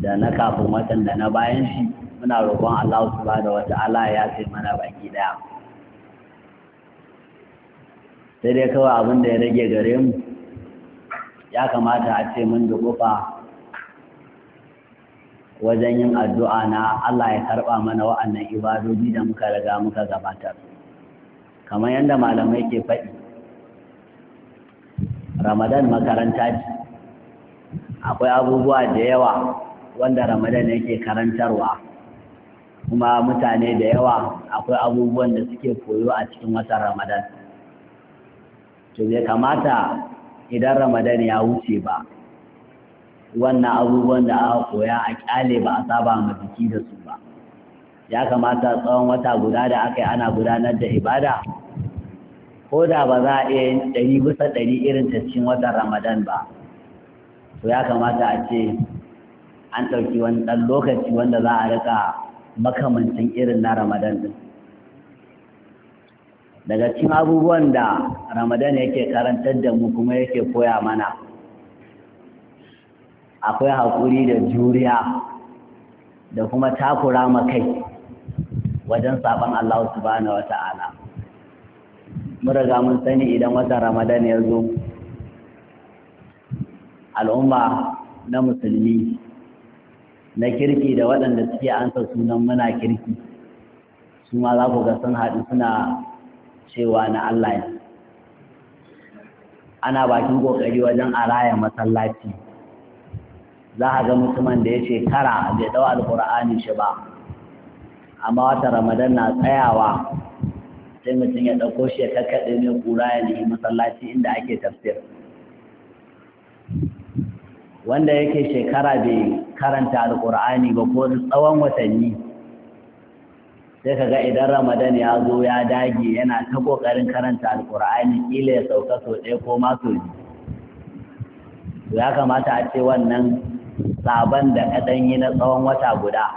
da na kafin watan da na bayan shi muna roƙon Allah su da wata ala ya sai mana baki ɗaya. sai dai kawai abin da ya rage gare mu ya kamata a ce mun dukufa wajen yin addu'a na Allah ya karɓa mana wa'annan ibadoji da muka riga muka gabatar kamar yadda malamai ke faɗi ramadan makaranta ce akwai abubuwa da yawa wanda ramadan yake karantarwa kuma mutane da yawa akwai abubuwan da suke koyo a cikin watan ramadan to bai kamata idan ramadan ya wuce ba wannan abubuwan da aka koya a kyale ba a saba ma jiki da su ba ya kamata tsawon wata guda da aka ana gudanar da ibada ko da ba za a iya yin ɗari bisa ɗari irin ta cikin watan ramadan ba to ya kamata a ce an ɗauki wani ɗan lokaci wanda za a rika makamancin irin na ramadan ɗin daga cikin abubuwan da ramadan yake karantar da mu kuma yake koya mana akwai haƙuri da juriya da kuma takura kai wajen saban Allah subhanahu wa ta'ala mun riga mun sani idan wata ramadan ya zo al'umma na musulmi na kirki da waɗanda suke ansa sunan muna kirki su ma za ku ga sun haɗu suna cewa na Allah ne ana bakin ƙoƙari wajen a raya masallaci za a ga mutumin da ya shekara bai ɗau alƙur'ani shi ba amma wata ramadan na tsayawa sai mutum ya ɗauko shi ya kakkaɗe mai ƙura ya nemi masallaci inda ake tafsir wanda yake shekara bai karanta alƙur'ani ba ko tsawon watanni sai ka ga idan ramadan ya zo ya dage yana ta ƙoƙarin karanta alƙur'ani ƙila ya sauka sau ɗaya ko ma sau biyu ya kamata a ce wannan sabon da ka yi na tsawon wata guda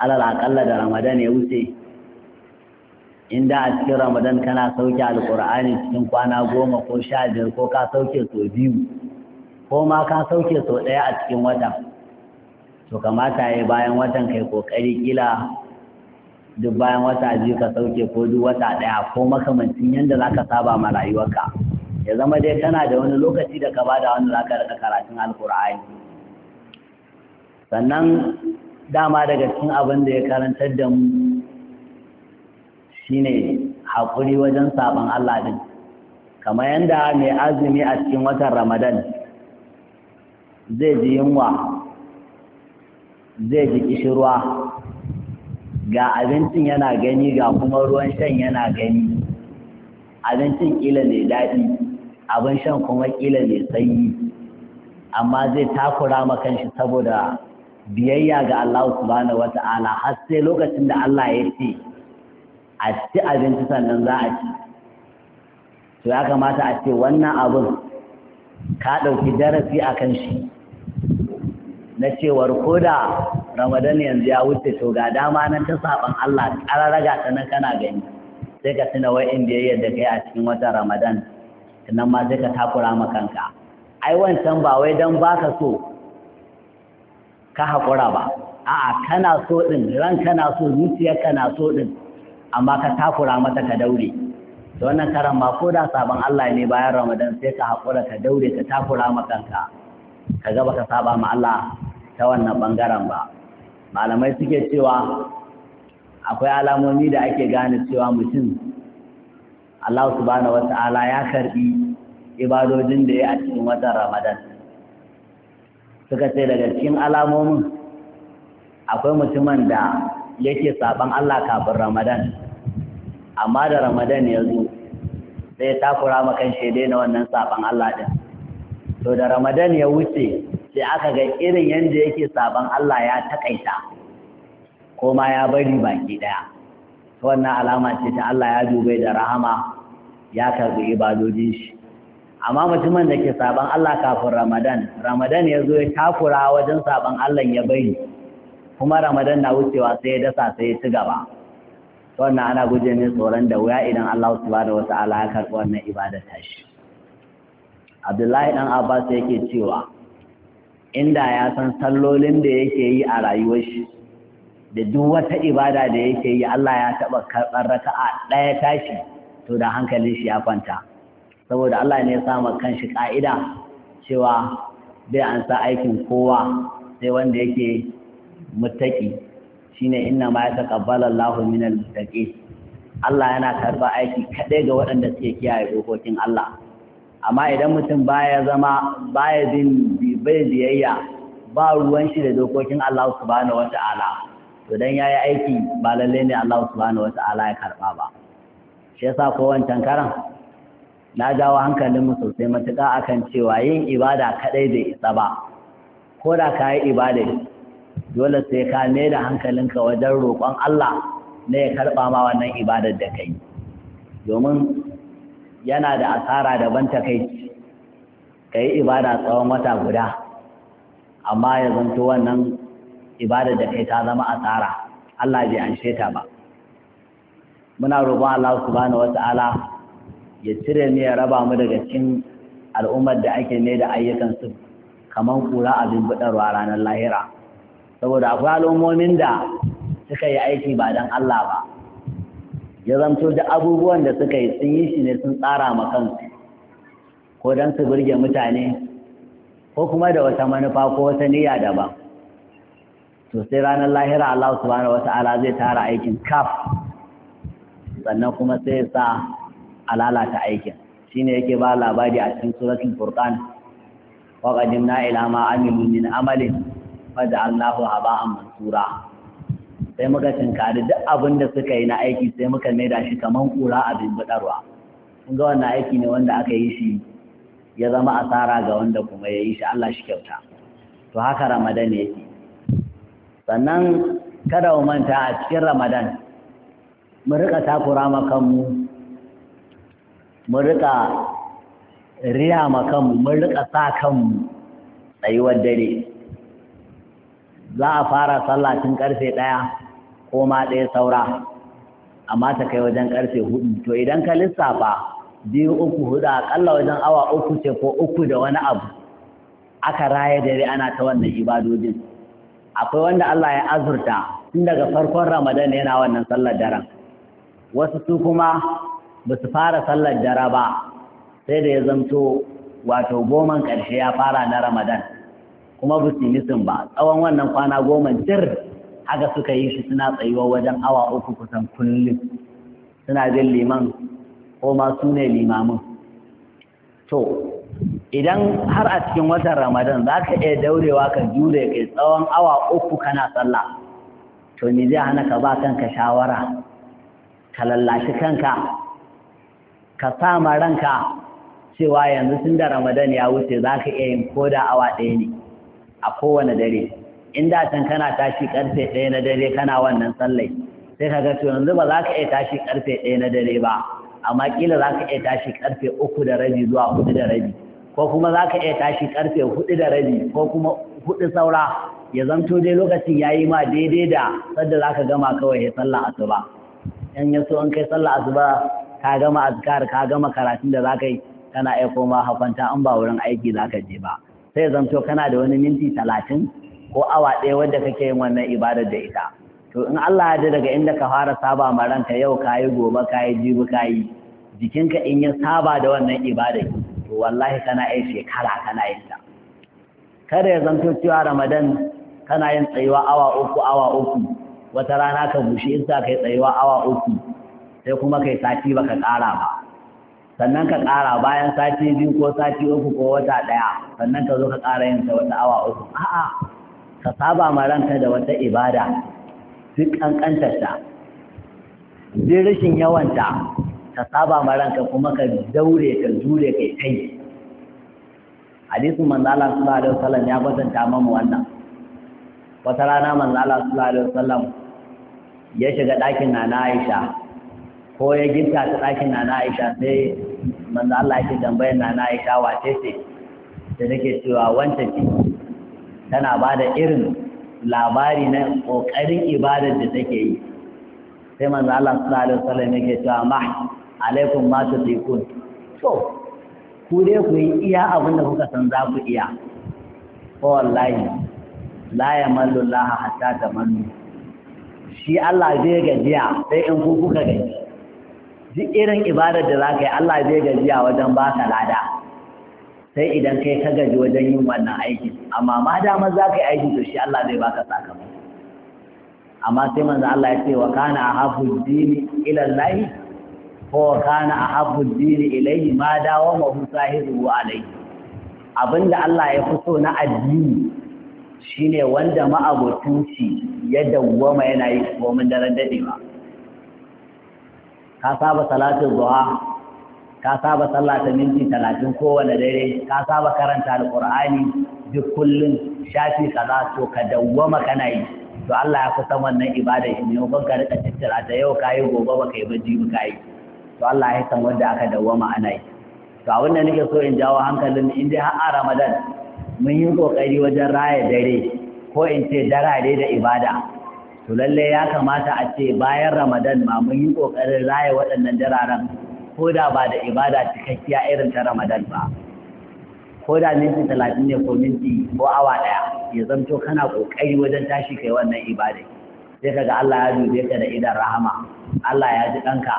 alal aƙalla da ramadan ya wuce Inda a cikin ramadan kana sauke alƙur'ani cikin kwana goma ko sha biyar ko ka sauke sau biyu ko ma ka sauke sau ɗaya a cikin watan to kamata ya bayan watan kai ƙoƙari kila duk bayan wata biyu ka sauke ko duk wata ɗaya ko makamancin yadda za ka saba ma rayuwarka ya zama dai tana da wani lokaci da ka ba da wani zaka da karatun alkur'ani sannan dama daga cikin abin da ya karantar da mu shine haƙuri wajen saban Allah din kamar yadda mai azumi a cikin watan Ramadan zai ji yunwa zai ji kishirwa ga abincin yana gani ga kuma ruwan shan yana gani abincin ƙila mai daɗi abin shan kuma ƙila mai sanyi amma zai takura ma kanshi saboda biyayya ga Allah subhanahu wata'ala har sai lokacin da Allah ya ce a ci abinci sannan za a ci to ya kamata a ce wannan abin ka ɗauki darasi a kan shi na cewar ko da ramadan yanzu ya wuce to ga dama nan ta saban Allah kararraga ta nan kana gani sai ka tuna wai da ya yadda kai a cikin watan ramadan nan ma sai ka takura ma kanka ai wancan ba wai dan baka so ka haƙura ba a'a kana so din ran kana so zuciyar kana so din amma ka takura mata ka daure da wannan karan ma ko da sabon Allah ne bayan Ramadan sai ka haƙura ka daure ka takura ma kanka ka gaba baka saba ma Allah ta wannan ɓangaren ba malamai suke cewa akwai alamomi da ake gane cewa mutum Allah subhanahu wa ta'ala ya karbi ibadojin da ya a cikin watan ramadan suka ce daga cikin alamomin akwai mutumin da yake saban Allah kafin ramadan amma da ramadan ya zo sai takura makan shaidai na wannan saban Allah din to da ramadan ya wuce sai aka ga irin yadda yake saban Allah ya takaita ko ma ya bari baki daya wannan alama ce ta Allah ya dube da rahama ya karbi ibadojin shi amma mutumin da ke saban Allah kafin Ramadan Ramadan ya zo ya takura wajen saban Allah ya bari kuma Ramadan na wucewa sai ya dasa sai ya ci gaba wannan ana guje ne tsoron da wuya idan Allah subhanahu wata'ala ya karbi wannan ibadar shi? Abdullahi dan Abbas yake cewa inda ya san sallolin da yake yi a rayuwar shi da duk wata ibada da yake yi Allah ya taɓa karɓar raka'a ɗaya tashi to da hankalin shi ya kwanta saboda Allah ne ya sama kanshi ƙa'ida cewa bai an sa aikin kowa sai wanda yake muttaki shine inna ma yataqabbalu Allahu minal muttaqin Allah yana karba aiki kaɗai ga waɗanda suke kiyaye dokokin Allah amma idan mutum baya zama baya bin bai biyayya ba ruwan shi da dokokin Allah subhanahu wata'ala to dan yayi aiki ba lalle ne Allah subhanahu wata'ala ya karba ba shi yasa ko wancan karan na dawo hankalin mu sosai matuƙa akan cewa yin ibada kadai bai isa ba ko da ka yi ibada dole sai ka mai da hankalinka wajen roƙon Allah ne ya karba ma wannan ibadar da kai domin yana da asara daban ta kai ka yi ibada tsawon wata guda amma ya zanto wannan ibada da kai ta zama a asara Allah bai anshe ta ba muna roƙon Allah subhanahu ta'ala ya cire mu ya raba mu daga cikin al'ummar da ake ne da ayyukan su kamar kura abin budarwa ranar lahira saboda akwai al'ummomin da suka yi aiki ba don Allah ba ya zanto da abubuwan da suka yi sun yi shi ne sun tsara ma kansu ko don su burge mutane ko kuma da wata manufa ko wata niyya daban to sai ranar lahira Allah subhanahu wata'ala zai tara aikin kaf sannan kuma sai sa alalata aikin shine yake ba labari a cikin suratul furqan wa qadimna ila ma amilu min amalin Fa faj'alnahu haba'an mansura sai muka tinkari duk abin da suka yi na aiki sai muka maida shi kaman kura abin budarwa kun ga wannan aiki ne wanda aka yi shi ya zama asara ga wanda kuma ya yi shi Allah shi kyauta to haka ramadan yake sannan kada mu manta a cikin ramadan mu rika takura ma kanmu mu rika riya ma kanmu mu rika sa kanmu tsayuwar dare za a fara sallah tun karfe ɗaya ko ma ɗaya saura amma ta kai wajen karfe hudu to idan ka lissafa biyu uku hudu akalla wajen awa uku ce ko uku da wani abu aka raya dare ana ta wannan ibadojin akwai wanda Allah ya azurta tun daga farkon Ramadan yana wannan sallar daren wasu su kuma ba su fara sallar dare ba sai da ya zamto wato goman ƙarshe ya fara na Ramadan kuma ba su nisin ba tsawon wannan kwana goma jir haka suka yi shi suna tsayuwa wajen awa uku kusan kullum suna jin liman ko ma su ne limamin to idan har a cikin watan ramadan za ka iya daurewa ka jure kai tsawon awa uku kana sallah to ni zai hana ka ba kanka shawara ka lallashi kanka ka sama ranka cewa yanzu tun da ramadan ya wuce za ka iya yin koda awa ɗaya ne a kowane dare in da can kana tashi karfe ɗaya na dare kana wannan sallai sai ka ga to yanzu ba za ka iya tashi karfe ɗaya na dare ba amma kila za ka iya tashi karfe uku da rabi zuwa hudu da rabi ko kuma za ka iya tashi karfe hudu da rabi ko kuma hudu saura ya zanto dai lokacin ya yi ma daidai da sadda za ka gama kawai ya sallah asuba in ya so in kai sallah asuba ka gama azkar ka gama karatun da za ka yi kana iya koma hakwanta in ba wurin aiki za ka je ba sai zanto kana da wani minti talatin ko awa ɗaya wadda kake yin wannan ibadar da ita to in Allah ya daga inda ka fara saba ma ranka yau kayi gobe kayi jibi kayi jikinka in ya saba da wannan ibada to wallahi kana yin shekara kana yin ta kada ya zanto cewa Ramadan kana yin tsayuwa awa uku awa uku wata rana ka bushe in sa kai tsayuwa awa uku sai kuma kai sati baka ƙara ba sannan ka ƙara bayan sati biyu ko sati uku ko wata ɗaya sannan ka zo ka ƙara yin ta wata awa uku a'a ka saba ma ranka da wata ibada duk ƙanƙantarta duk rashin yawanta ka saba ma ranka kuma ka daure ka jure kai kai hadisin manzo Allah sallallahu alaihi wasallam ya kwatanta mamu wannan wata rana manzo Allah sallallahu alaihi wasallam ya shiga ɗakin nana Aisha ko ya gifta ta ɗakin nana Aisha sai manzo Allah yake tambayar nana Aisha wace ce da nake cewa wanta ce tana bada irin labari na ƙoƙarin ibadar da take yi sai manzo Allah sallallahu alaihi wasallam yake cewa ma alaikum ma tutikun to ku dai ku yi iya abin da kuka san za ku iya ko wallahi la yamallu Allah hatta tamannu shi Allah zai gajiya sai in ku kuka gaji duk irin ibadar da za ka yi Allah zai gajiya wajen baka lada sai idan kai ka gaji wajen yin wannan aikin amma ma damar za ka yi aiki to shi Allah zai baka sakamako amma sai manzo Allah ya ce wa kana ahabbu dini ila Allah ko kana ahabbu dini ilayhi ma dawa ma sahibu alayhi abinda Allah ya fito na addini shine wanda ma'abutun shi ya dawwama yana yi komai daren dadewa ka saba salatul duha ka saba sallah ta minti talatin kowane dare ka saba karanta alƙur'ani duk kullum shafi kaza to ka dawwama kana yi to Allah ya kusan wannan ibada shi ne ka rika tattara ta yau kayi gobe ba kai ba jibi kayi to Allah ya san wanda aka dawwama ana yi to abin da nake so in jawo hankalin in dai har a Ramadan mun yi kokari wajen raya dare ko in ce darare da ibada to lalle ya kamata a ce bayan Ramadan ma mun yi kokarin raya waɗannan dararen ko da ba da ibada cikakkiya irin ta ramadan ba ko da minti talatin ne ko minti ko awa ɗaya ya zamto kana ƙoƙari wajen tashi kai wannan ibada sai kaga Allah ya dube ka da idan rahama Allah ya ji ɗanka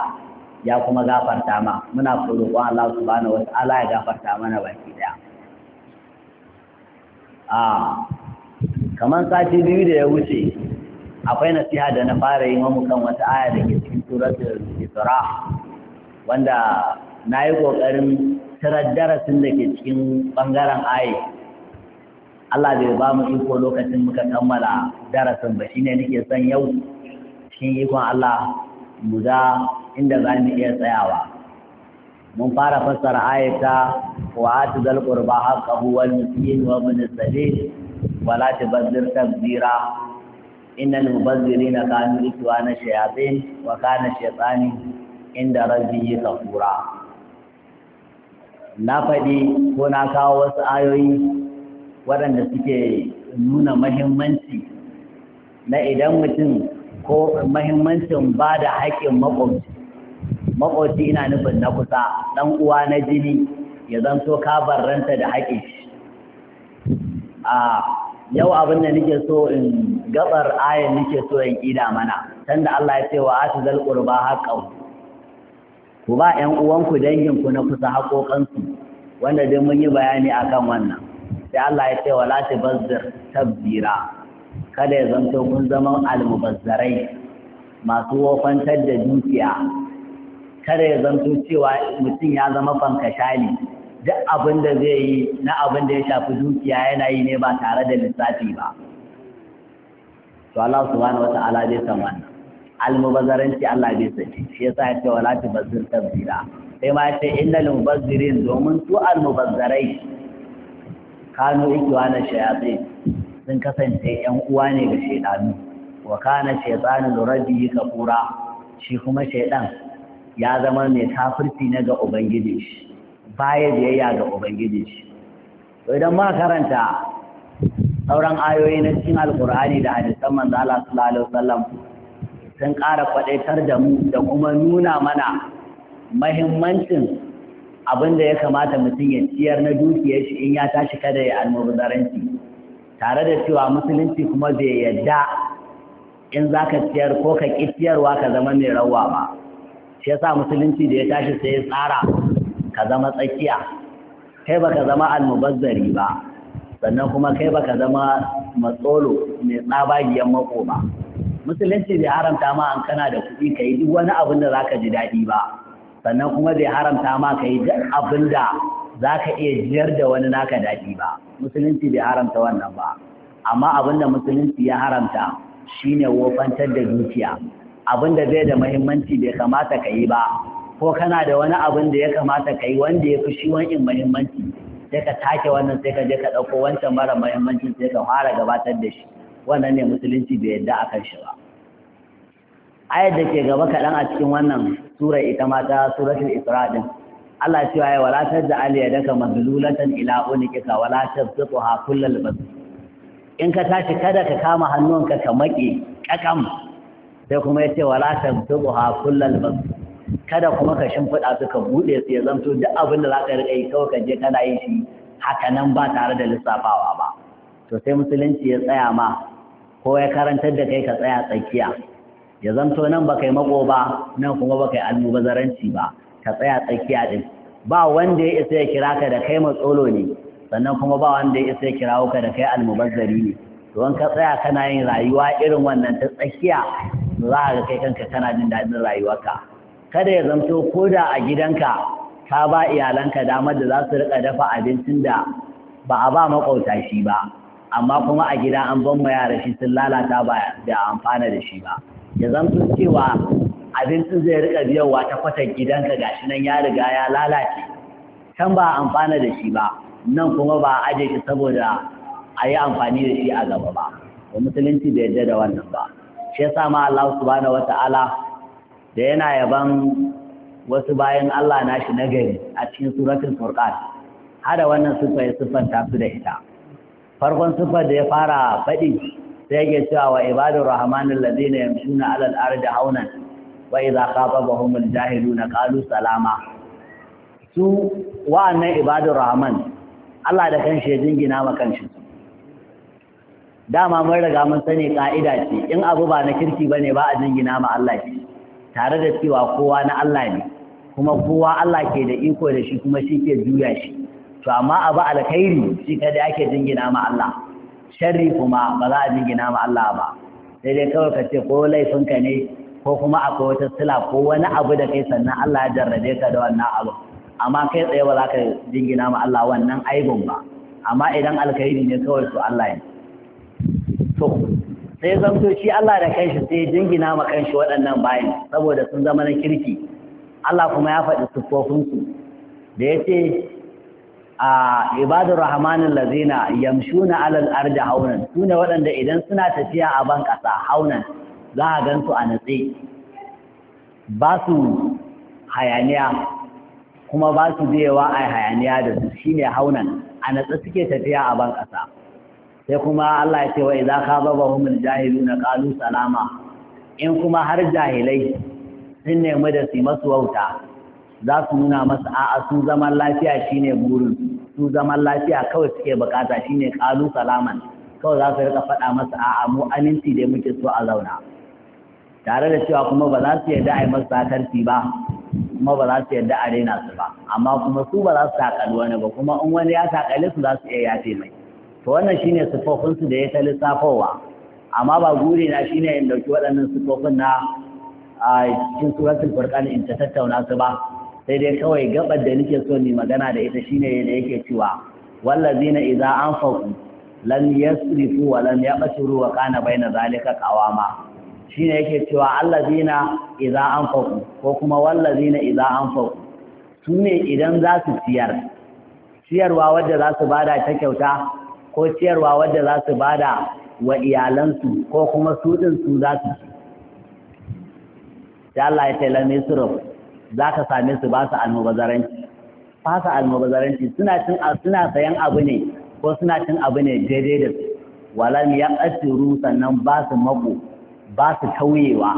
ya kuma gafarta ma muna roƙon Allah subhanahu wata'ala ya gafarta mana baki ɗaya a kamar sati biyu da ya wuce akwai nasiha da na fara yi mamu kan wata aya da ke cikin suratul isra wanda na yi ƙoƙarin tirar darasin da ke cikin ɓangaren ayi Allah bai ba mu iko lokacin muka kammala darasin ba shine nake son yau cikin ikon Allah mu za inda za mu iya tsayawa mun fara fassara ayata wa atu zal qurba haqqahu wal miskin wa ibn sabil wa la tubazzir tabzira innal mubazzirina kanu ikwana shayatin wa kana shaytani inda ya safura na faɗi ko na kawo wasu ayoyi waɗanda suke nuna mahimmanci na idan mutum ko mahimmancin ba da haƙƙin maƙwabci maƙwabci ina nufin na kusa ɗan uwa na jini ya zanto kabar ranta da haƙƙi a yau abin da nake so in gabar ayan nake so in ƙida mana tanda Allah ya ce wa asu zal qurba ku ba ƴan uwanku danginku na kusa haƙoƙansu wanda dai mun yi bayani akan wannan sai Allah ya ce wala bazzar tabbira. kada ya zanto kun zama almubazzarai masu wofantar da dukiya kada ya zanto cewa mutum ya zama fankashali duk abin da zai yi na abin da ya shafi dukiya yana yi ne ba tare da lissafi ba to Allah subhanahu wata'ala zai san wannan almubazzaranci Allah bai sani shi yasa ya ce wala bazir tabzira sai ma ya ce innal mubazzirin domin su almubazzarai kanu ikiwa na shayatin sun kasance yan uwa ne ga shaidanu wa kana shaytanu ka kafura shi kuma shaidan ya zama mai kafirci ne ga ubangiji shi baya biyayya ga ubangiji shi to idan ma karanta sauran ayoyi na cikin alkur'ani da hadisan manzo Allah sallallahu alaihi wasallam sun ƙara kwaɗaitar da mu da kuma nuna mana mahimmancin abin da ya kamata mutum ya ciyar na dukiyar shi in ya tashi kada ya almubazaranci tare da cewa musulunci kuma bai yadda in za ka ciyar ko ka ƙi ciyarwa ka zama mai rawa ba shi yasa musulunci da ya tashi sai ya tsara ka zama tsakiya kai baka zama almubazzari ba sannan kuma kai baka zama matsolo mai tsabagiyan mako ba musulunci bai haramta ma an kana da kuɗi ka yi duk wani abin da zaka ji daɗi ba sannan kuma bai haramta ma ka yi duk abin da za iya jiyar da wani naka daɗi ba musulunci bai haramta wannan ba amma abin da musulunci ya haramta shine wofantar da dukiya abin da zai da muhimmanci bai kamata ka yi ba ko kana da wani abin da ya kamata ka yi wanda ya fi shi wani muhimmanci sai ka take wannan sai ka je ka ɗauko wancan mara muhimmancin sai ka fara gabatar da shi wannan ne musulunci bai yadda a kan shi ba ayar da ke gaba kaɗan a cikin wannan sura ita ma ta suratul isra din Allah ya wala da ali ya daka mazlulatan ila unikika wala tabtuha kullal bas in ka tashi kada ka kama hannunka ka maki kakam sai kuma ya ce wala tabtuha kullal bas kada kuma ka shimfiɗa su ka buɗe su ya zanto duk abin da za ka riƙa yi kawai ka je kana yi shi haka nan ba tare da lissafawa ba to sai musulunci ya tsaya ma ko ya karantar da kai ka tsaya tsakiya ya zanto nan ba kai mako ba nan kuma ba kai almubazaranci ba ka tsaya tsakiya din ba wanda ya isa ya kira ka da kai matsolo ne sannan kuma ba wanda ya isa ya kirawo ka da kai almubazzari ne to ka tsaya kana yin rayuwa irin wannan ta tsakiya za ka kai kanka kana jin daɗin rayuwarka kada ya zanto ko da a gidanka ka ba iyalanka damar da za su riƙa dafa abincin da ba a ba maƙwauta shi ba amma kuma a gida an ban ma yara shi sun lalata ba da amfana da shi ba ya zamto cewa abincin zai rika biyan ta kwatar gidanka shi nan ya riga ya lalace can ba amfana da shi ba nan kuma ba a aje shi saboda a yi amfani da shi a gaba ba Ba musulunci bai yarda da wannan ba shi yasa ma Allah subhanahu wata'ala da yana yaban wasu bayan Allah nashi na gari a cikin suratul furqan hada wannan sifa ya siffanta su da ita farkon sifar da ya fara faɗi sai yake cewa wa ibadur rahman ladina yamshuna alal ardi haunan wa idza khatabahumul jahiluna qalu salama su wa'annan ibadur rahman Allah da kanshi ya jingina ma kanshi dama mun riga mun sani ka'ida ce in abu ba na kirki bane ba a jingina ma Allah ce, tare da cewa kowa na Allah ne kuma kowa Allah ke da iko da shi kuma shi ke juya shi to amma abu alkhairi shi kada ake jingina ma Allah sharri kuma ba za a jingina ma Allah ba sai dai kawai ka ce ko laifinka ne ko kuma akwai wata sila ko wani abu da kai sannan Allah ya jarrabe ka da wannan abu amma kai tsaye ba za ka jingina ma Allah wannan aibun ba amma idan alkhairi ne kawai to Allah ya. to sai zamto shi Allah da kanshi sai jingina ma kanshi waɗannan bayan saboda sun zama na kirki Allah kuma ya faɗi siffofinsu da ya ce a ibadur rahmanin lazina yamshuna alal arja haunan sune waɗanda idan suna tafiya a ban ƙasa haunan za a gansu a natse ba su hayaniya kuma ba su biyewa a hayaniya da su shi ne haunan a natse suke tafiya a ban ƙasa sai kuma Allah ya ce wa idza jahilu na na salama in kuma har jahilai sun nemi da su masu wauta za su nuna masa a'a su zaman lafiya shine burin su zaman lafiya kawai suke bukata shine kalu salaman kawai za su rika faɗa masa a'a mu aminci da muke so a zauna tare da cewa kuma ba za su yarda a yi masu sakarci ba kuma ba za su yarda a daina su ba amma kuma su ba za su takali wani ba kuma in wani ya takali su za su iya yafe mai to wannan shine sifofinsu da ya ta lissafowa amma ba guri na shine in ɗauki waɗannan sifofin na a cikin suratul furqan in ta tattauna su ba sai dai kawai gabar da nake so ni magana da ita shine da yake cewa wallazina idza anfaqu lam yasrifu wa lam yabsuru wa kana baina zalika qawama shine yake cewa allazina idza anfaqu ko kuma wallazina idza anfaqu tunne idan za su ciyar ciyarwa wadda za su bada ta kyauta ko ciyarwa wadda za su bada wa iyalansu ko kuma su din su za su ci Allah ya tailame su za ka same su ba su almubazaranci ba su almubazaranci suna cin suna sayan abu ne ko suna cin abu ne daidai da su walam ya asiru sannan ba su mako ba su tauyewa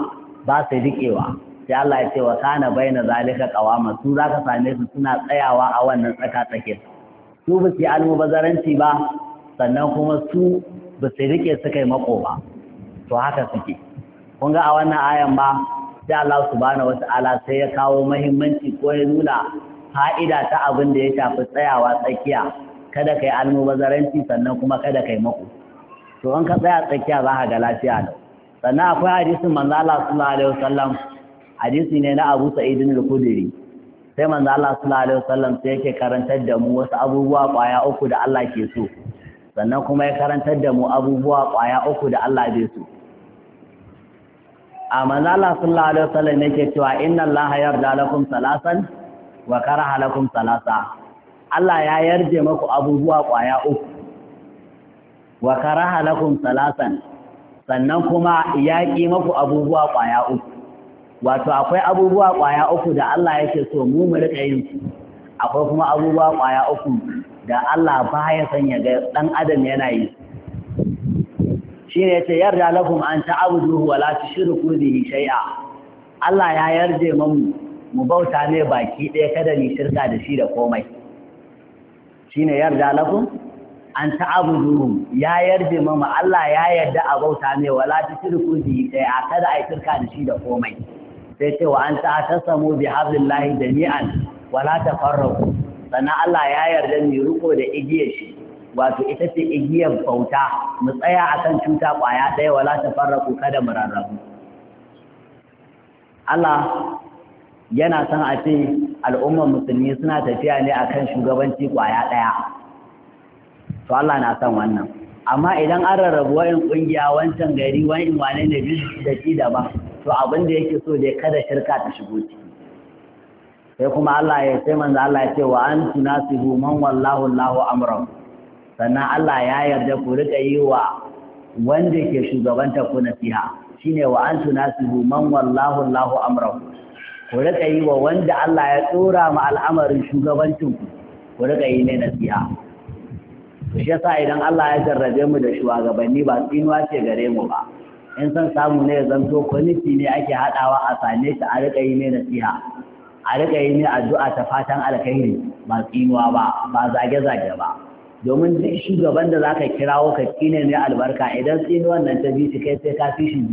ba su riƙewa sai Allah ya ce wa kana baina zalika qawama su za ka same su suna tsayawa a wannan tsaka tsake su ba su almubazaranci ba sannan kuma su ba su riƙe su kai mako ba to haka suke kun ga a wannan ayan ba sai Allah subhanahu wata'ala sai ya kawo mahimmanci ko ya nuna fa'ida ta abin da ya shafi tsayawa tsakiya kada kai almubazaranci sannan kuma kada kai mako to an ka tsaya tsakiya za ka ga lafiya da sannan akwai hadisin manzo Allah sallallahu alaihi wasallam hadisi ne na Abu Sa'id al-Khudri sai manzo Allah sallallahu alaihi wasallam sai yake karantar da mu wasu abubuwa kwaya uku da Allah ke so sannan kuma ya karantar da mu abubuwa kwaya uku da Allah bai so a manzala sallallahu alaihi wasallam yake cewa inna allaha yarda lakum salasan wa karaha lakum salasa Allah ya yarje maku abubuwa kwaya uku wa karaha lakum salasan sannan kuma ya ki maku abubuwa kwaya uku wato akwai abubuwa kwaya uku da Allah yake so mu mu rika yin su akwai kuma abubuwa kwaya uku da Allah ba ya sanya ga dan adam yana yi su shine yace yarda lakum an ta'buduhu wa la tushriku bihi shay'a Allah ya yarje mu mu bauta ne baki ɗaya kada ni shirka da shi da komai shine yarda lakum an ta'buduhu ya yarje mu Allah ya yarda a bauta ne wa la tushriku bihi shay'a kada ai shirka da shi da komai sai ce wa an ta'tasamu bi hablillahi jami'an wa la tafarraqu sannan Allah ya yarda ni riko da igiyar shi wato ita ce igiyar bauta mu tsaya akan cuta kwaya ɗaya wala ta fara kada da murarrabu. Allah yana son a ce al'ummar musulmi suna tafiya ne akan shugabanci kwaya ɗaya to Allah na son wannan amma idan an rarrabu wa'in ƙungiya wancan gari wa'in wane ne da shi ba, to abin da yake so dai kada shirka ta shigo ciki sai kuma Allah ya sai manzo Allah ya ce wa an tunasihu man wallahu Allahu amrahu sannan Allah ya yarda ku rika yi wa wanda ke shugabanta ku nasiha shine wa antu nasihu man wallahu Allahu amra ku rika yi wa wanda Allah ya tsora ma al'amarin shugabancin ku ku rika yi ne nasiha to shi yasa idan Allah ya jarrabe mu da shugabanni ba tsinuwa ce gare mu ba in san samu ne zanto kwaliti ne ake haɗawa a same ta a rika yi ne nasiha a rika yi ne addu'a ta fatan alkhairi ba tsinuwa ba ba zage-zage ba domin duk shugaban da za ka kirawo ka tsine mai albarka idan tsini wannan ta bi kai sai ka fi shi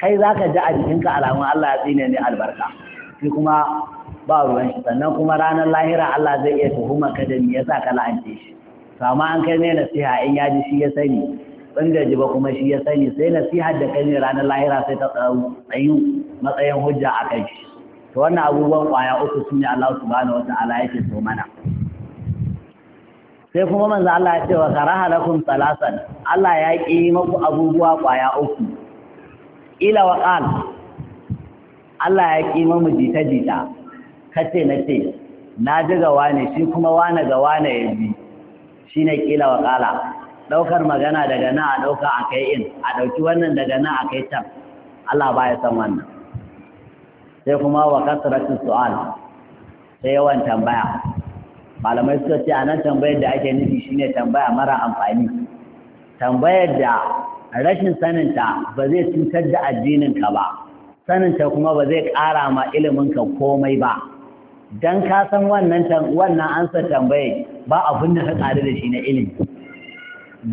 kai za ka ji a jikinka alamun Allah ya tsine mai albarka shi kuma ba ruwan shi sannan kuma ranar lahira Allah zai iya tuhuma ka da ya sa ka la'ance shi to an kai mai nasiha in yaji ji shi ya sani in ba kuma shi ya sani sai nasihar da kai ne ranar lahira sai ta tsayu matsayin hujja a kai shi to wannan abubuwan kwaya uku su ne Allah subhanahu wa ta'ala yake so mana sai kuma manzo Allah ya ce wa karaha lakum salasan Allah ya ki maku abubuwa kwaya uku ila wa qal Allah ya ki mamu jita jita kace na ce na ji ga wane shi kuma wane ga wane ya bi shine ila wa qala daukar magana daga na a dauka a kai in a dauki wannan daga na a kai can Allah ba ya san wannan sai kuma wa kasratu su'al sai yawan tambaya malamai suka ce nan tambayar da ake nufi shine tambaya mara amfani tambayar da rashin saninta ba zai cutar da addininka ba saninta kuma ba zai ƙara ma iliminka komai ba dan ka san wannan wannan ansa tambaye ba abin da ka ƙaru da shi na ilimi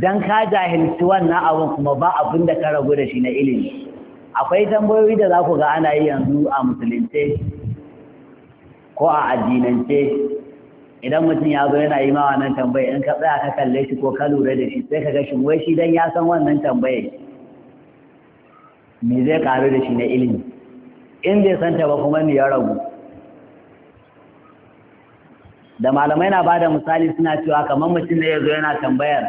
dan ka jahilci wannan abin kuma ba abin da ka rabu da shi na ilimi akwai tambayoyi da za ku ga ana yi yanzu a musulunce ko a addinance idan mutum ya zo yana yi ma wannan tambayi in ka tsaya ka kalle shi ko ka lura da shi sai ka ga shin wai shi dan ya san wannan tambayi. me zai karu da shi na ilimi in bai san ta ba kuma me ya ragu da malamai na bada misali suna cewa kamar mutum ne ya zo yana tambayar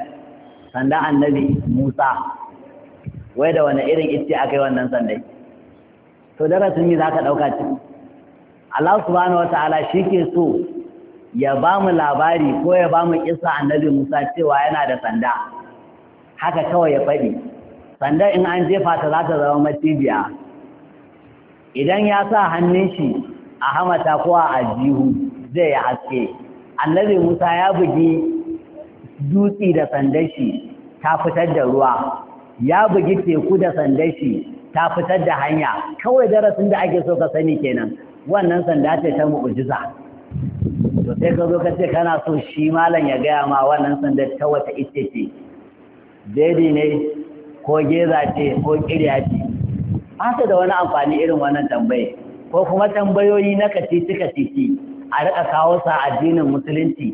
sanda annabi Musa wai da wani irin ice aka yi wannan sandai to darasin za ka ɗauka ciki Allah subhanahu wa ta'ala shi ke so ya ba mu labari ko ya ba mu kisa annabi Musa cewa yana da sanda haka kawai ya faɗi sanda in an jefa ta za ta zama macijiya idan ya sa hannun shi a hamata ko a ajihu zai yi haske annabi Musa ya bugi dutsi da sandar shi ta fitar da ruwa ya bugi teku da sandar shi ta fitar da hanya kawai darasin da ake so ka sani kenan wannan sanda ce ta mu'ujiza to sai ka zo ka ce kana so shi malam ya gaya ma wannan sanda ta wata ita ce daidai ne ko geza ce ko kirya ce ba da wani amfani irin wannan tambaye ko kuma tambayoyi na kacici kacici a rika kawo sa addinin musulunci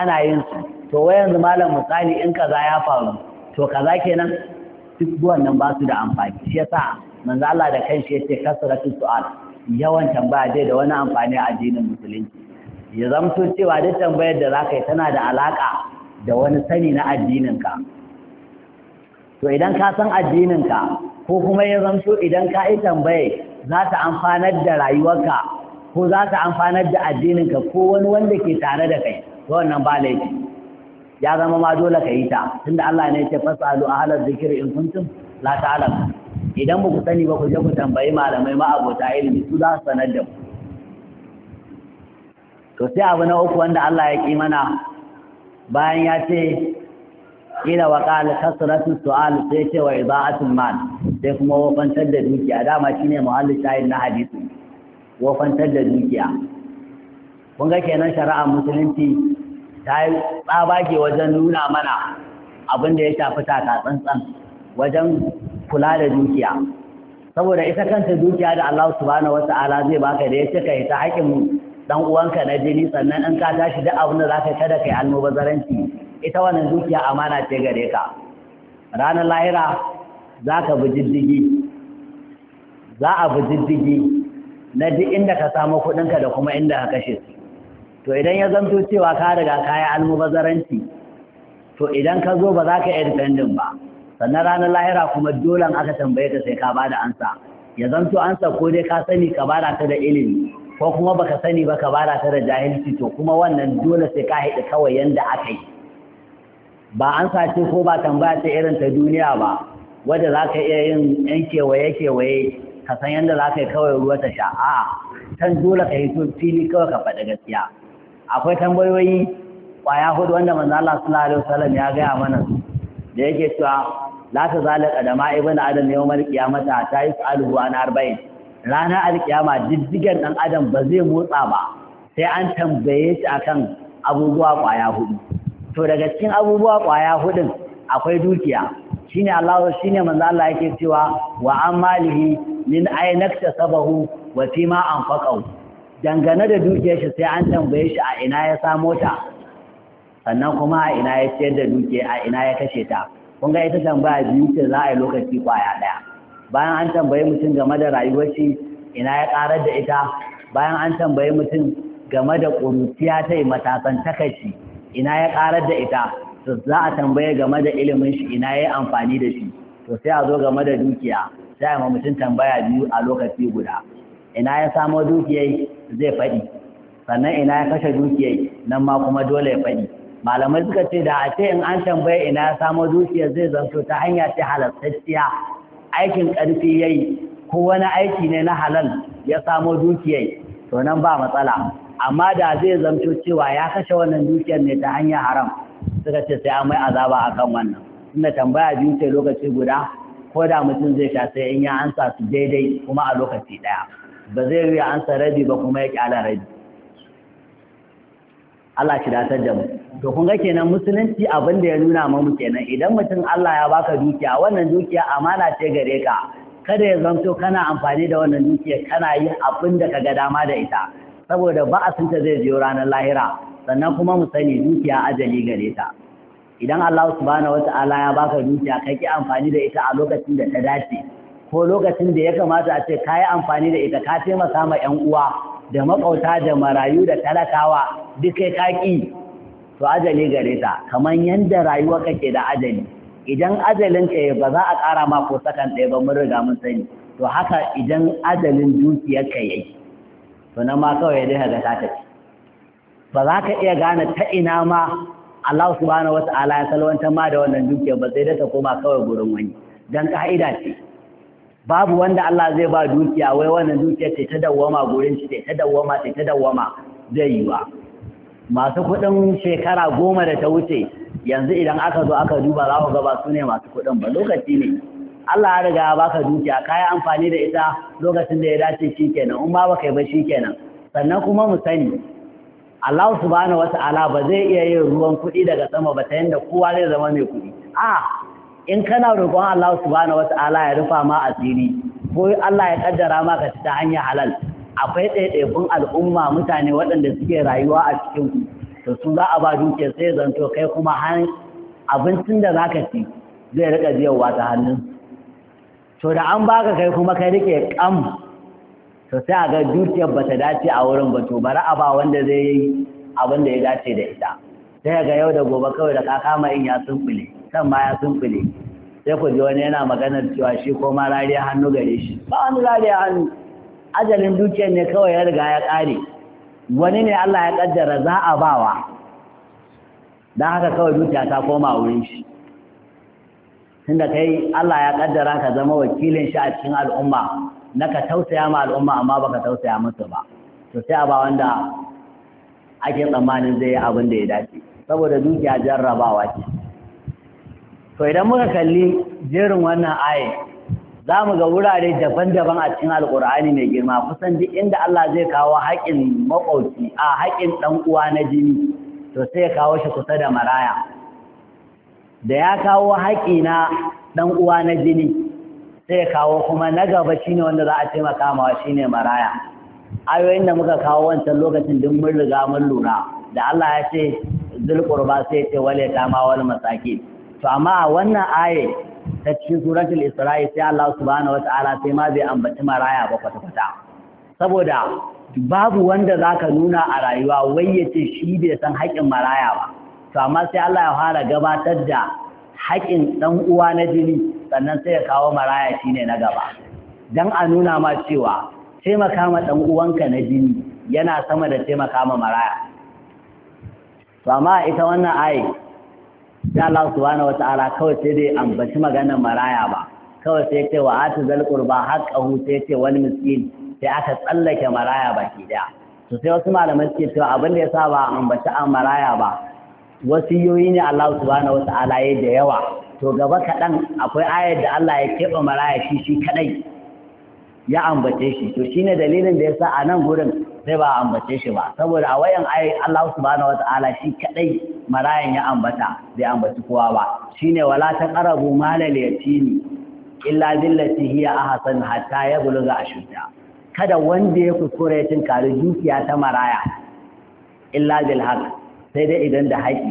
ana yin su to yanzu malam misali in kaza ya faru to kaza kenan duk wannan ba su da amfani shi yasa manzo Allah da kanshi yace kasratu su'al yawan tambaya dai da wani amfani a addinin musulunci ya zamto cewa duk tambayar da za ka yi tana da alaƙa da wani sani na addininka to idan ka san addininka ko kuma ya zamto idan ka yi tambaye za ta amfanar da rayuwarka ko za ta amfanar da addininka ko wani wanda ke tare da kai to wannan ba laifi ya zama ma dole ka yi ta tunda Allah ne ya ce a halar zikri in kuntum la ta'lamun idan ba ku sani ba ku je ku tambayi malamai ma abota ilimi su za su sanar da ku to sai abu na uku wanda Allah ya ƙi mana bayan ya ce ila wa qala kasratu su'al sai ce wa ida'atul mal sai kuma wofantar da dukiya dama shine muhallin shayin na hadisi wofantar da dukiya kun ga kenan shari'a musulunci ta yi tsabage wajen nuna mana abin da ya shafi taka tsantsan wajen kula da dukiya saboda ita kanta dukiya da Allah subhanahu wata'ala zai baka da ya ce ka ita haƙin dan uwanka na jini sannan in ka tashi da abin da zaka kada kai almubazzaranci ita wannan dukiya amana ce gare ka ranar lahira zaka bi diddigi za a bi diddigi na duk inda ka samu kuɗinka da kuma inda ka kashe su to idan ya zanto cewa ka riga kaya almubazzaranci to idan ka zo ba za ka yi defending ba sannan ranar lahira kuma dole aka tambaye ka sai ka bada ansa ya zanto ansa ko dai ka sani ka bada ta da ilimi ko kuma baka sani ba ka bara ta da jahilci to kuma wannan dole sai ka haɗu kawai yanda aka yi ba an sace ko ba tambaya ta irin ta duniya ba wadda za ka iya yin yan kewaye-kewaye ka san yadda za ka kawai ruwa ta sha a can dole ka yi fili kawai ka faɗi gaskiya akwai tambayoyi ƙwaya hudu wanda manzo Allah sallallahu alaihi wasallam ya gaya mana da yake cewa la ta zalika da ma'ibana adam yawmal qiyamata ta yi su alhu an arba'in ranar alkiyama diddigan ɗan adam ba zai motsa ba sai an tambaye shi akan abubuwa ƙwaya hudu to daga cikin abubuwa ƙwaya hudun akwai dukiya shine Allah shine manzo Allah yake cewa wa amalihi min aynaka sabahu wa fima anfaqahu dangane da dukiyar shi sai an tambaye shi a ina ya samo ta sannan kuma a ina ya ciyar da dukiya a ina ya kashe ta kun ga ita tambaya biyu ce za a yi lokaci kwaya ɗaya. bayan an tambayi mutum game da rayuwar shi ina ya karar da ita bayan an tambayi mutum game da ƙuruciya ta yi matasan takaici ina ya karar da ita to za a tambaye game da ilimin shi ina ya yi amfani da shi to sai a zo game da dukiya sai a mutum tambaya biyu a lokaci guda ina ya samo dukiyai zai faɗi sannan ina ya kashe dukiyai nan ma kuma dole ya faɗi malamai suka ce da a ce in an tambaye ina ya samo dukiyar zai zanto ta hanya ta halastacciya aikin ƙarfi ya yi ko wani aiki ne na halal ya samo dukiyai to nan ba matsala amma da zai zamto cewa ya kashe wannan dukiyar ne ta hanyar haram suka ce sai amai mai azaba akan wannan tunda tambaya biyu ce lokaci guda ko da mutum zai sha sai in ya ansa su daidai kuma a lokaci ɗaya ba zai yi ansa rabi ba kuma ya ƙyala rabi Allah shi datar da mu to kun ga kenan musulunci abin da ya nuna ma mu kenan idan mutum Allah ya baka dukiya wannan dukiya amana ce gare ka kada ya zanto kana amfani da wannan dukiya kana yin abin da ga dama da ita saboda ba'asinta zai biyo ranar lahira sannan kuma mu sani dukiya ajali gare ta idan Allah subhanahu wata'ala ya baka dukiya kai ki amfani da ita a lokacin da ta dace ko lokacin da ya kamata a ce ka amfani da ita ka taimaka ma 'yan uwa da maƙauta da marayu da talakawa duk kai to ajali gare ta kamar yadda rayuwa kake da ajali idan ajalin ka ba za a ƙara ma ko sakan ɗaya ba mun riga mun sani to haka idan ajalin dukiyar ka yayi to nan ma kawai dai ga ta tafi ba za ka iya gane ta ina ma Allah subhanahu wata'ala ya salwantar ma da wannan dukiyar ba sai da ta koma kawai gurin wani dan ka'ida ce babu wanda Allah zai ba dukiya wai wannan dukiya ce ta dawwama gurin shi ta dawwama ce ta dawwama zai yi ba masu kuɗin shekara goma da ta wuce yanzu idan aka zo aka duba za ku ga ba su ne masu kuɗin ba lokaci ne Allah ya riga ya baka dukiya ka yi amfani da ita lokacin da ya dace kenan in ba baka yi ba kenan sannan kuma mu sani Allah subhanahu wata'ala ba zai iya yin ruwan kuɗi daga sama ba ta yanda kowa zai zama mai kuɗi a in kana roƙon Allah subhanahu wata'ala ya rufa ma asiri ko Allah ya kaddara ma ka ta hanya halal akwai ɗaiɗaikun al'umma mutane waɗanda suke rayuwa a cikin to su za a ba duke sai zanto kai kuma abincin da za ka ci zai riƙa biyowa ta hannun to da an baka kai kuma kai rike kam to sai a ga dukiyar bata dace a wurin ba to bari a ba wanda zai yi abin da ya dace da ita sai ga yau da gobe kawai da kakama in ya sunfule kan ma ya sunfule sai ku ji wani yana maganar cewa shi ko ma rariya hannu gare shi ba wani rariya hannu ajalin dukiyar ne kawai ya riga ya ƙare wani ne Allah ya kaddara za a bawa don haka kawai dukiya ta koma wurin shi tunda kai Allah ya kaddara ka zama wakilin shi a cikin al'umma na ka tausaya ma al'umma amma baka tausaya musu ba to sai a ba wanda ake tsammanin zai yi abin da ya dace saboda dukiya jarrabawa ce to idan muka kalli jerin wannan aye, za mu ga wurare daban-daban a cikin alkur'ani mai girma kusan duk inda Allah zai kawo haƙin maƙwabci a haƙin ɗan uwa na jini to sai ya kawo shi kusa da maraya da ya kawo haƙi na ɗan uwa na jini sai ya kawo kuma na gaba shine wanda za a taimaka ma shine maraya ayoyin da muka kawo wancan lokacin duk mun riga mun lura da Allah ya ce zulkurba sai ce wale ma wani masaki to amma wannan aye ta cikin suratul isra'i sai Allah subhanahu wataala sai ma zai ambaci maraya ba kwata kwata saboda babu wanda zaka nuna a rayuwa wai ce shi bai san haƙin maraya ba to amma sai Allah ya fara gabatar da haƙin dan uwa na jini sannan sai ya kawo maraya shine na gaba dan a nuna ma cewa taimaka ma dan uwanka na jini yana sama da taimaka ma maraya Ba ma ita wannan ayi da Allah subhanahu wata'ala kawai sai dai ambaci maganar maraya ba kawai sai ce wa atu zal qurba haqqahu sai ce wal miskin sai aka tsallake maraya baki daya to sai wasu malaman suke cewa abin da yasa ba ambaci a maraya ba wasiyoyi ne Allah subhanahu wata'ala ya da yawa to gaba kaɗan akwai ayar da Allah ya keɓe maraya shi shi kaɗai ya ambace shi to shine dalilin da yasa a nan gurin sai ba a ambace shi ba saboda a wayan ai Allah subhanahu wata'ala shi kadai marayan ya ambata bai ambaci kowa ba shine wala ta qarabu malal yatimi illa billati hiya ahsan hatta yablugha ashudda kada wanda ya kuskure ya kare dukiya ta maraya illa bil haqq sai dai idan da haƙi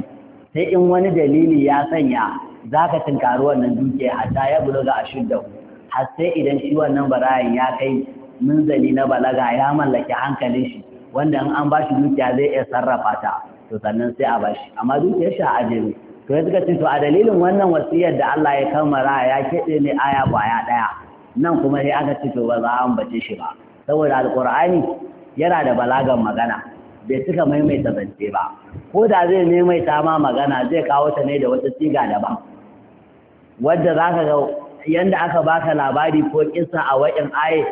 sai in wani dalili ya sanya zaka tinkari wannan dukiya hatta yablugha ashudda har sai idan shi wannan barayan ya kai munzali na balaga ya mallaki hankalin shi wanda in an bashi dukiya zai iya sarrafa ta to sannan sai a bashi amma dukiyar shi a ajiye to ya suka ce to a dalilin wannan wasiyar da Allah ya kammara ya keɗe ne aya baya ɗaya nan kuma sai aka ce to ba za a ambace shi ba saboda alƙur'ani yana da balagan magana bai cika maimaita zance ba ko da zai maimaita ma magana zai kawo ta ne da wata siga daban wadda za ga yanda aka baka labari ko kisa a wa'in aye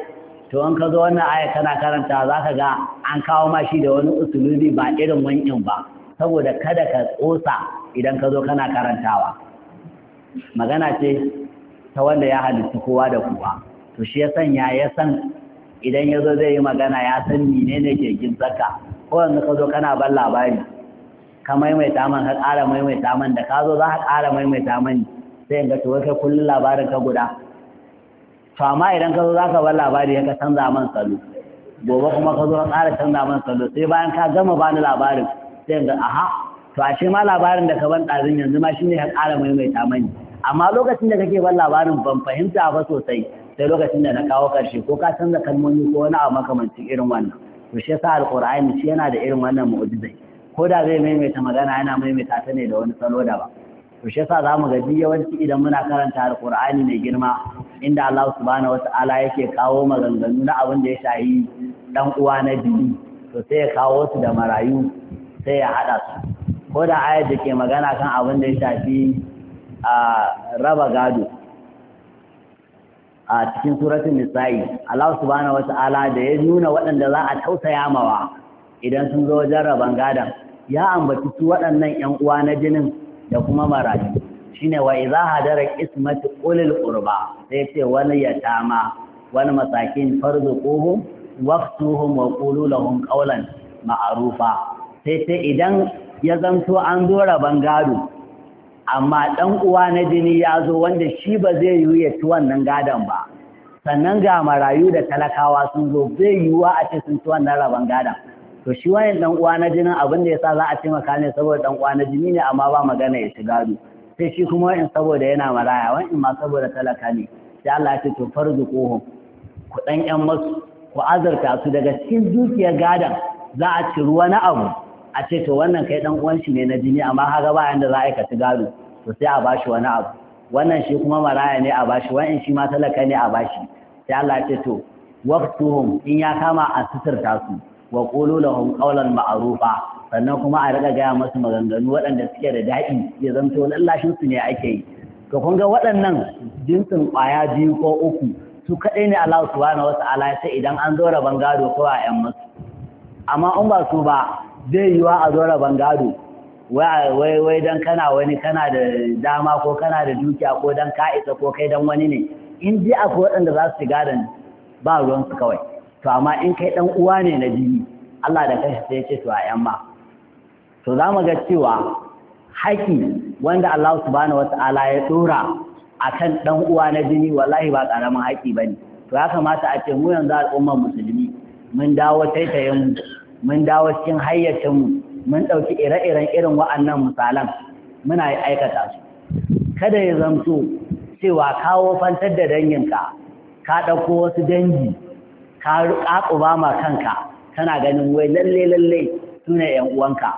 to an ka zo wannan aya tana karanta za ka ga an kawo ma shi da wani usulubi ba irin wankin ba saboda kada ka tsosa idan ka zo kana karantawa magana ce ta wanda ya halitta kowa da kowa to shi ya sanya ya san idan ya zo zai yi magana ya san ne ke gizzaka ko yanzu ka zo kana ban labari ka maimaita man ka ƙara maimaita man da ka zo za ka ƙara maimaita man sai in ga to kai kullum labarin ka guda to amma idan ka zo za ka bar labari ya ka canza man salo gobe kuma ka zo ka tsara canza man salo sai bayan ka gama ba ni labarin sai ga aha to ce ma labarin da ka ban ɗazin yanzu ma shine ya ƙara maimaita mani amma lokacin da kake ban labarin ban fahimta ba sosai sai lokacin da na kawo ƙarshe ko ka canza kalmomi ko wani abu makamancin irin wannan to shi yasa alƙur'ani shi yana da irin wannan mu'jizai ko da zai maimaita magana yana maimaita ta ne da wani salo da ba to shi yasa zamu ga yawanci idan muna karanta alƙur'ani mai girma inda Allah subhanahu wata'ala yake kawo maganganu na abin da ya shayi dan uwa na biyu to sai ya kawo su da marayu sai ya haɗa su ko da ayat da ke magana kan abin da ya shafi a raba gado a cikin suratun nisa'i Allah subhanahu wata'ala da ya nuna waɗanda za a tausaya mawa idan sun zo wajen raban gadon ya ambaci su waɗannan 'yan uwa na jinin da kuma marayu shine wa idza hadara ismatu qulil qurba sai ce wani yatama wani masakin farzuquhum waqtuhum wa qulu lahum qawlan ma'rufa sai sai idan ya zanto an zo raban amma dan uwa na jini ya zo wanda shi ba zai yi ya ci wannan gadon ba sannan ga marayu da talakawa sun zo zai wa a ce sun ci wannan raban gadon to shi wani dan uwa na jinin abin da yasa za a taimaka ne saboda dan uwa na jini ne amma ba magana ya ci gado sai shi kuma in saboda yana maraya wani in ma saboda talaka ne sai Allah ya ce to farzuquhum ku dan yan masu ku azurta su daga cikin dukiyar gadan za a ci ruwa na abu a ce to wannan kai dan uwan shi ne na jini amma ga ba yanda za a aikata gado to sai a bashi wani abu wannan shi kuma maraya ne a bashi wani shi ma talaka ne a bashi sai Allah ya ce to waqtuhum in ya kama a suturta su wa qulu lahum qawlan ma'rufa sannan kuma a riga gaya masu maganganu waɗanda suke da daɗi ya zanto lallashin su ne ake yi to kun ga waɗannan jinsin ƙwaya biyu ko uku su kaɗai ne Allah subhanahu wata'ala ya ce idan an zo raban gado ko a ƴan masu amma in ba su ba zai yiwa a zo raban gado wai wai dan kana wani kana da dama ko kana da dukiya ko dan ka isa ko kai dan wani ne in dai akwai waɗanda za su shiga da ba ruwansu kawai to amma in kai dan uwa ne na jini Allah da kashi sai ce to a yamma to za mu ga cewa haƙi wanda Allah subhanahu wata'ala ya dora akan dan uwa na jini wallahi ba karamin haƙi bane to ya kamata a ce mu yanzu al'ummar musulmi mun dawo taitayen mun dawo cikin hayyacin mu mun ɗauki ire-iren irin wa'annan misalan muna yi aikata su kada ya zamto cewa kawo fantar da danginka ka ɗauko wasu dangi ka ƙaƙuba ma kanka kana ganin wai lalle lalle su ne ‘yan uwanka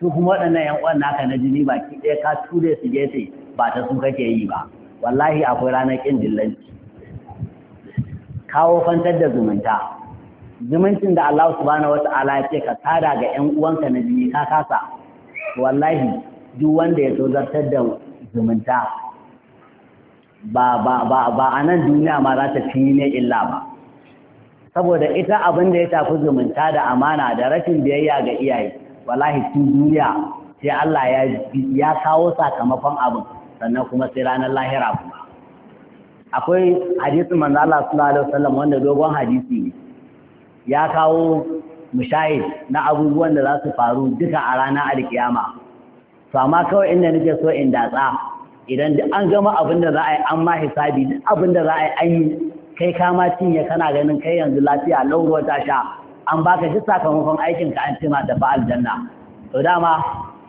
su kuma waɗannan ‘yan uwan naka na jini baki ɗaya ka ture su gefe ba ta su kake yi ba wallahi akwai ranar ƙin dillanci kawo fantar da zumunta zumuncin da Allah subhanahu wata'ala ya ce ka tsada ga ‘yan uwanka na jini ka kasa wallahi duk wanda ya zo zartar da zumunta ba ba ba ba a nan duniya ma za ta fi ne illa ba saboda ita abin da ya tafi zumunta da amana da rashin biyayya ga iyaye wallahi tun duniya sai Allah ya ya kawo sakamakon abin sannan kuma sai ranar lahira kuma akwai hadisi manzo Allah sallallahu alaihi wasallam wanda dogon hadisi ne ya kawo mushahid na abubuwan da za su faru duka a ranar alkiyama to amma kawai inda nake so in datsa idan an gama abin da za a yi an ma hisabi abin da za a yi an yi kai kama cinye kana ganin kai yanzu lafiya lauro ta sha an baka shi sakamakon aikin ka an cima tafi aljanna to dama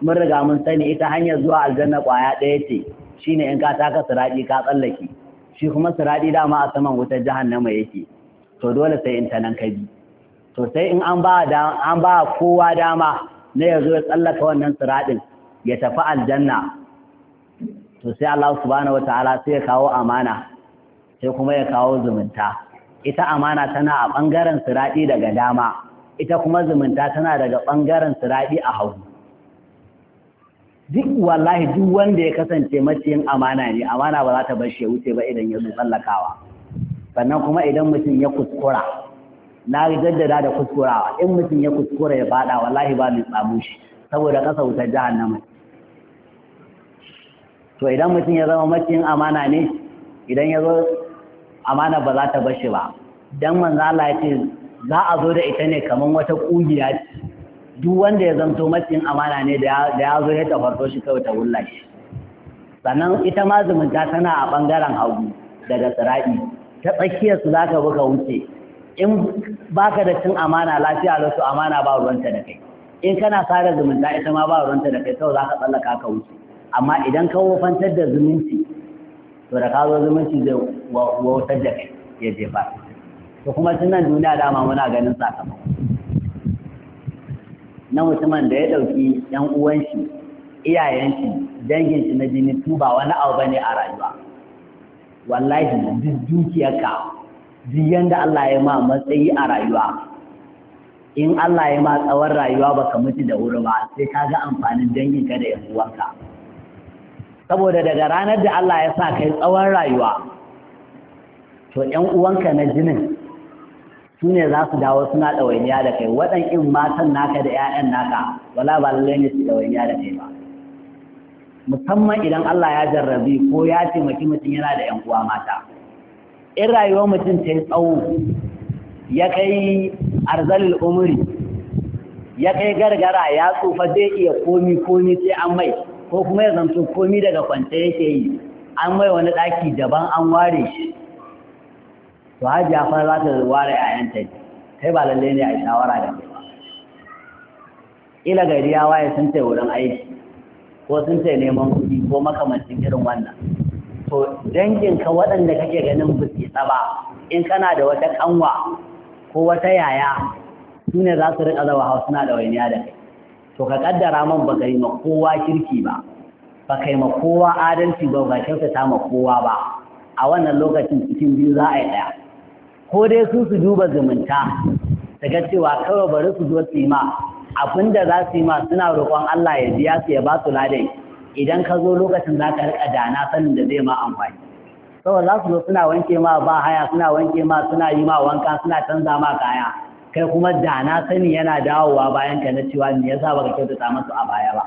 mun riga mun sani ita hanyar zuwa aljanna kwaya ɗaya ce shine in ka taka siradi ka tsallake shi kuma siradi dama a saman wutar jahannama yake to dole sai in ta nan ka bi to sai in an ba an ba kowa dama na yazo ya tsallaka wannan siradin ya tafi aljanna to sai Allah subhanahu wataala sai ya kawo amana sai kuma ya kawo zumunta ita amana tana a ɓangaren siraɗi daga dama ita kuma zumunta tana daga ɓangaren siraɗi a hagu duk wallahi duk wanda ya kasance maciyin amana ne amana ba za ta bar shi ya wuce ba idan ya zo tsallakawa sannan kuma idan mutum ya kuskura na jaddada da kuskurawa in mutum ya kuskura ya fada wallahi ba mai tsamu shi saboda kasa wutar jahannama to idan mutum ya zama maciyin amana ne idan ya zo amana ba za ta bashi ba dan manzo Allah za a zo da ita ne kaman wata kungiya duk wanda ya zanto matsin amana ne da ya zo ya tafarto shi kawai ta wulla shi sannan ita ma zumunta tana a bangaren hagu daga tsiraɗi ta tsakiyar su zaka buka wuce in baka da cin amana lafiya da su amana ba ruwanta da kai in kana sada zumunta ita ma ba ruwanta da kai kawai zaka tsallaka ka wuce amma idan ka wofantar da zumunci to da ka zo zumunci zai wautar da kai ya jefa to kuma tun nan duniya dama muna ganin sakamako na mutumin da ya ɗauki ‘yan uwanshi iyayenshi danginshi na jini ba wani abu bane a rayuwa wallahi duk dukiyarka duk yanda Allah ya ma matsayi a rayuwa in Allah ya ma tsawon rayuwa baka mutu da wuri ba sai ka ga amfanin danginka da ‘yan uwanka saboda daga ranar da Allah ya sa kai tsawon rayuwa to ‘yan uwanka na jinin su ne za su dawo suna ɗawainiya da kai waɗannan matan naka da ‘ya'yan naka wala ba lallai ne su ɗawainiya da kai ba musamman idan Allah ya jarrabi ko ya taimaki mutum yana da ‘yan uwa mata in rayuwar mutum ta yi tsawo ya kai arzalil Umri ya kai gargara ya tsufa zai iya komi komi sai an mai ko kuma ya zamto komi daga kwance yake yi an mai wani daki daban an ware shi to hajiya fa za ta ware ‘ya'yanta kai ba lalle ne a shawara da kai ila gari ya waye sun tai wurin aiki ko sun tai neman kuɗi ko makamancin irin wannan to ka waɗanda kake ganin ba su ba in kana da wata kanwa ko wata yaya su ne za su riƙa zawa hausuna da wainiya da kai to ka kaddara man ba ka yi ma kowa kirki ba ba ka ma kowa adalci ba ba kyautata ma kowa ba a wannan lokacin cikin biyu za a yi ɗaya ko dai su su duba zumunta ta ga cewa kawai bari su zo su yi ma abin da za su yi ma suna roƙon Allah ya biya su ya ba su ladai idan ka zo lokacin za ka riƙa dana sanin da zai ma amfani saboda za su zo suna wanke ma ba haya suna wanke ma suna yi ma wanka suna canza ma kaya kai kuma da na sani yana dawowa bayan ka na cewa me yasa baka kyautata masu a baya ba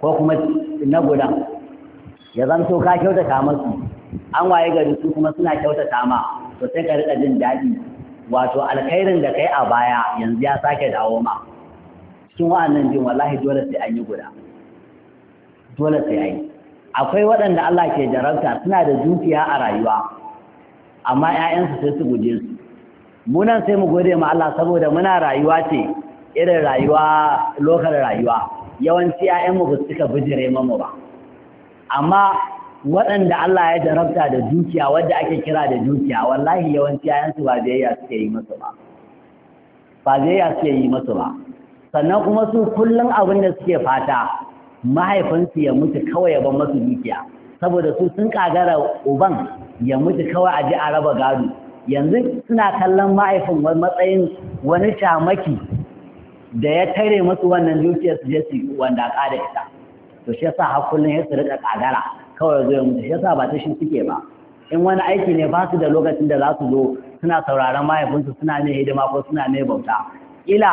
ko kuma na gudan ya zanto ka kyautata masu an waye gari su kuma suna kyautata ma to sai ka rika jin daɗi wato alkhairin da kai a baya yanzu ya sake dawo ma cikin wa'annan jin wallahi dole sai an yi guda dole sai an yi akwai waɗanda Allah ke jarabta suna da zuciya a rayuwa amma 'ya'yansu sai su guje su munan sai mu gode ma Allah saboda muna rayuwa ce irin rayuwa lokal rayuwa yawanci 'ya'yanmu ba su cika bijire mamu ba amma waɗanda Allah ya jarabta da dukiya wadda ake kira da dukiya wallahi yawanci 'ya'yansu ba biyayya suke yi musu ba ba biyayya suke yi musu ba sannan kuma su kullum abin da suke fata mahaifinsu ya mutu kawai ya ban masu dukiya saboda su sun kagara uban ya mutu kawai a ji a raba gado yanzu suna kallon ma'aifin matsayin wani shamaki da ya tare musu wannan dukiyar su je su wanda ka da ita to shi yasa har kullun ya su rika kagara kawai zo ya shi yasa ba ta shi suke ba in wani aiki ne ba su da lokacin da za su zo suna sauraron mahaifinsu suna ne hidima ko suna mai bauta ila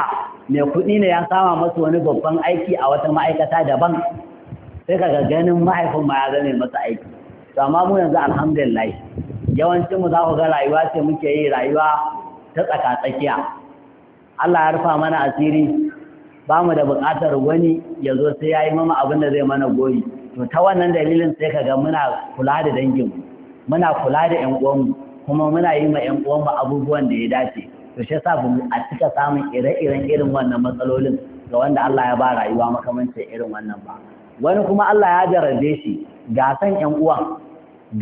mai kuɗi ne ya sama masu wani babban aiki a wata ma'aikata daban sai kaga ganin mahaifin ma ya zame masa aiki to amma mu yanzu alhamdulillah yawancin mu za ku ga rayuwa ce muke yi rayuwa ta tsaka tsakiya. Allah ya rufa mana asiri ba mu da buƙatar wani ya zo sai ya yi mama abin da zai mana goyi to ta wannan dalilin sai ka ga muna kula da dangin muna kula da ƴan uwanmu kuma muna yi ma ƴan uwanmu abubuwan da ya dace to shi yasa mu a cika samun ire-iren irin wannan matsalolin ga wanda Allah ya ba rayuwa makamancin irin wannan ba wani kuma Allah ya jarabe shi ga san ƴan uwan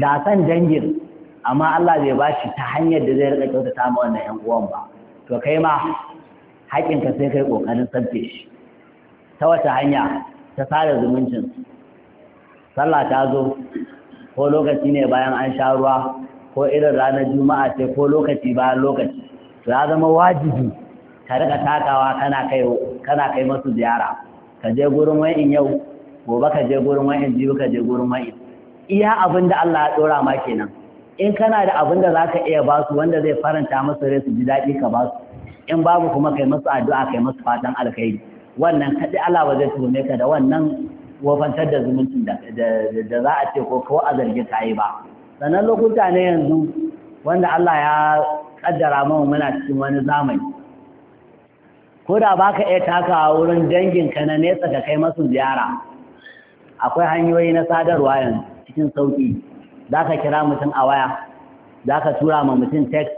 ga san dangin amma Allah bai ba shi ta hanyar da zai rika kyautata ma wannan ƴan uwan ba to kai ma haƙinka sai kai ƙoƙarin sabbe shi ta wata hanya ta sada zumuncin sallah ta zo ko lokaci ne bayan an sha ruwa ko irin ranar juma'a ce ko lokaci bayan lokaci to ya zama wajibi ka rika takawa kana kai kana kai masu ziyara ka je gurin wa'in yau gobe ka je gurin wa'in jibi ka je gurin wa'in iya abin da Allah ya dora ma kenan in kana da abin da za ka iya ba su wanda zai faranta masu rai su ji daɗi ka ba su in babu kuma kai masu addu'a kai masu fatan alkhairi wannan kaɗai Allah ba zai tume ka da wannan wofantar da zumuncin da za a ce ko ko a zargin ka ba sannan lokuta ne yanzu wanda Allah ya kaddara mana muna cikin wani zamani ko da ba ka iya takawa wurin dangin ka na nesa ka kai masu ziyara akwai hanyoyi na sadarwa yanzu cikin sauƙi za ka kira mutum a waya za ka tura ma mutum text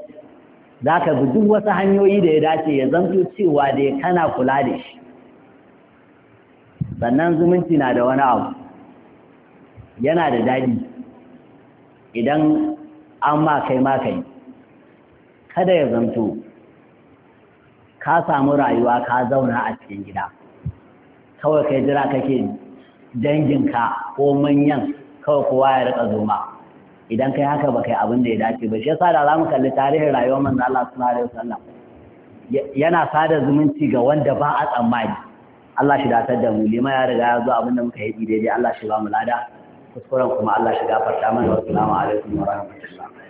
za ka bi duk wasu hanyoyi da ya dace ya zanto cewa da kana kula da shi sannan zumunci na da wani abu yana da daɗi idan an ma kai ma kai kada ya zanto ka samu rayuwa ka zauna a cikin gida kawai kai jira kake danginka ko manyan kawai kowa ya rika zoma idan kai haka ba kai abin da ya dace ba shi yasa da za mu kalli tarihin rayuwar manzo Allah sallallahu alaihi wasallam yana sada zumunci ga wanda ba a tsammani Allah shi datar da mu lima ya riga ya zo abin da muka yi daidai Allah shi ba mu lada kuskuren kuma Allah shi gafarta mana wa assalamu alaikum wa